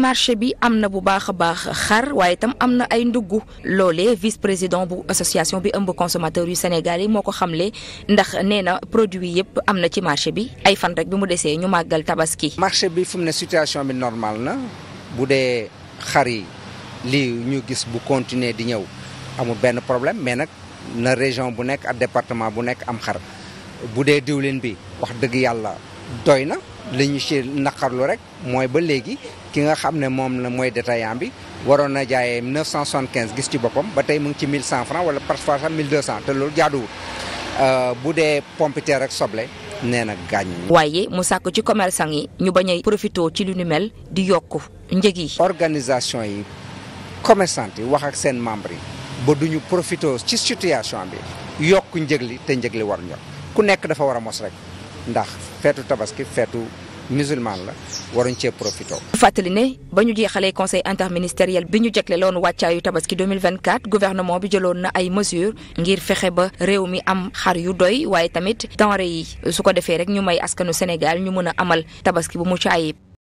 marché bi am na bu baax a baax xar waaye itam am na ay ndugg loole vice président bu association bi ëmb consommateur yu Sénégal yi moo ko xam xamle ndax nee na produit yëpp am na ci marché bi ay fan rek bi mu desee ñu màggal tabaski. marché bi fu mu ne situation bi normal na bu dee xar yi li ñu gis bu continuer di ñëw amul benn problème mais nag na région bu nekk ak département bu nekk am xar bu dee diwlin bi wax dëgg yàlla doy na. li ñu ci naqarlu rek mooy ba léegi ki nga xam ne moom la mooy détaillant bi waroon na jaayee 975 gis ci boppam ba tey mu ngi ci 1100 francs wala parfois sax 1200 te loolu jaaduwul euh, bu dee pompiteer rek soble nee na gàññ waaye mu sàkk ci commerçant yi ñu bañ a profité ci lu ni mel di yokk njëg yi. organisation yi commerçant yi wax ak seen membre yi ba du ñu profité ci situation bi yokk njëg li te njëg li war ñor ku nekk dafa war a mos rek ndax. feetu tabaski feetu musulman la waruñ cee profité. fàttali ne ba ñu jeexalee conseil interministériel bi ñu jagle loon wàccaayu tabaski 2024 gouvernement bi jëloon na ay mesures ngir fexe ba réew mi am xar yu doy waaye tamit denrée yi su ko defee rek ñu may askanu Sénégal ñu mën a amal tabaski bu mu ayib.